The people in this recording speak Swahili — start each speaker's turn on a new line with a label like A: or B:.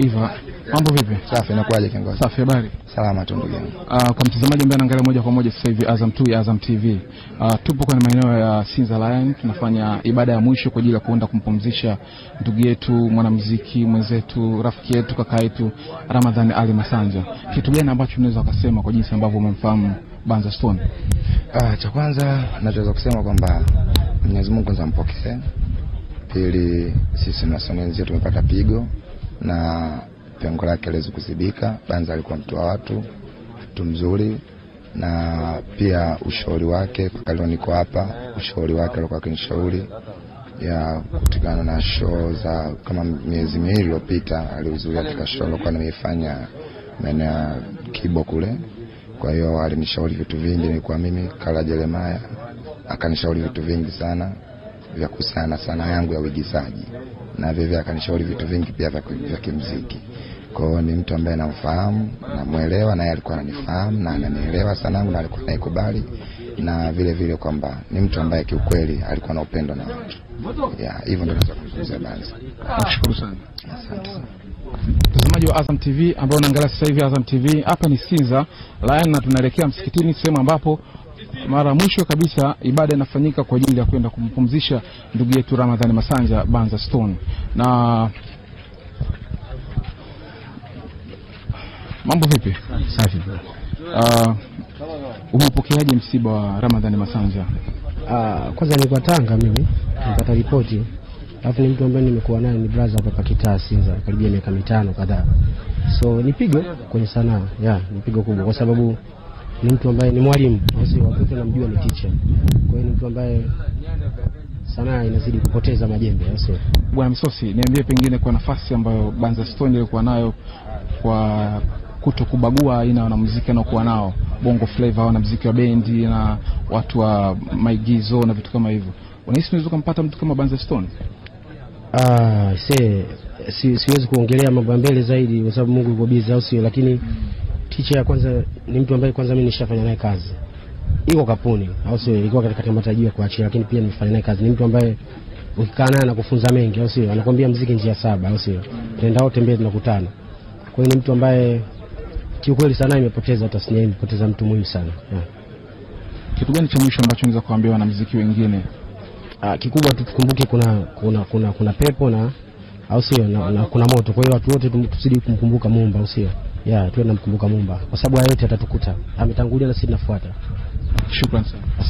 A: Iva, mambo vipi?
B: Safi, inakuaje kiongozi? Safi, habari? Salama tu ndugu yangu.
A: Ah, kwa mtazamaji ambaye anaangalia moja kwa moja sasa hivi Azam 2 ya Azam TV, uh, ah, tupo kwenye maeneo ya Sinza Lion, tunafanya ibada ya mwisho kwa ajili ya kuenda kumpumzisha ndugu yetu mwanamuziki mwenzetu, rafiki yetu, kaka yetu Ramadhan Ali Masanja. Kitu gani ambacho unaweza ukasema kwa jinsi ambavyo umemfahamu Banza Stone?
B: Uh, cha kwanza nachoweza kusema kwamba Mwenyezi Mungu kwanza ampokee. Pili, sisi na sonenzi tumepata pigo na pengo lake aliwezi kuzibika. Banza alikuwa mtu wa watu, mtu mzuri, na pia ushauri wake mpaka leo niko hapa, ushauri wake alikuwa akinishauri ya kutokana na show za kama miezi miwili iliyopita alihudhuria katika show alikuwa nimeifanya maeneo ya Kibo kule. Kwa hiyo alinishauri vitu vingi, kwa mimi Kala Jeremaya, akanishauri vitu vingi sana vya kusana sana yangu ya uigizaji, na vivyo akanishauri vitu vingi pia vya kimziki Kwa hiyo ni mtu ambaye namfahamu, namwelewa, naye alikuwa ananifahamu na ananielewa sana yangu na alikuwa naikubali, na vile vile kwamba ni mtu ambaye kiukweli alikuwa na upendo na watu. Hivyo ndio naweza kumzungumzia Banza. Nashukuru sana, asante sana
A: mtazamaji wa Azam TV ambao unaangalia sasa hivi Azam TV. Hapa ni Sinza Lion na tunaelekea msikitini, sehemu ambapo mara mwisho kabisa ibada inafanyika kwa ajili ya kwenda kumpumzisha ndugu yetu Ramadhani Masanja Banza Stone na Mambo vipi? Safi. Uh, umepokeaje msiba wa Ramadhani Masanja?
B: Uh, kwanza nilikuwa Tanga mimi nilipata ripoti, alafu ni mtu ambaye nimekuwa naye ni brother hapa kwa kitaa Sinza karibia miaka mitano kadhaa, so nipigo kwenye sanaa yeah, ni kubwa kwa sababu ni mtu ambaye ni mwalimu, basi watoto namjua ni teacher. Kwa hiyo ni mtu ambaye sanaa inazidi kupoteza majembe. Basi
A: Bwana Msosi, niambie pengine kwa nafasi ambayo Banza Stone ilikuwa nayo kwa kuto kubagua aina wanamuziki anaokuwa nao bongo flava, wanamuziki wa bendi na watu wa maigizo na vitu kama hivyo, unahisi unaweza kumpata mtu kama Banza Stone?
B: Ah, si, siwezi kuongelea mambo ya mbele zaidi kwa sababu Mungu yuko busy, au sio? Lakini mm teacher ya kwanza ni mtu ambaye kwanza mimi nishafanya naye kazi, iko kapuni au sio? Ilikuwa katika matarajio ya kuachia, lakini pia nimefanya naye kazi. Ni mtu ambaye ukikaa naye anakufunza mengi, au sio? Anakuambia mziki njia saba, au sio? tenda wote mbele, tunakutana. Kwa hiyo ni mtu ambaye kiukweli sana imepoteza tasnia, imepoteza mtu muhimu sana.
A: Kitu gani cha mwisho ambacho unaweza kuambia wana wanamuziki wengine?
B: Ah, kikubwa tu tukumbuke kuna, kuna, kuna, kuna pepo na au sio na, na kuna moto. Kwa hiyo watu wote tusidi kumkumbuka Muumba, au sio? ya tuwe namkumbuka Mumba kwa sababu haya yote atatukuta, ametangulia na sisi tunafuata.
A: Shukrani sana.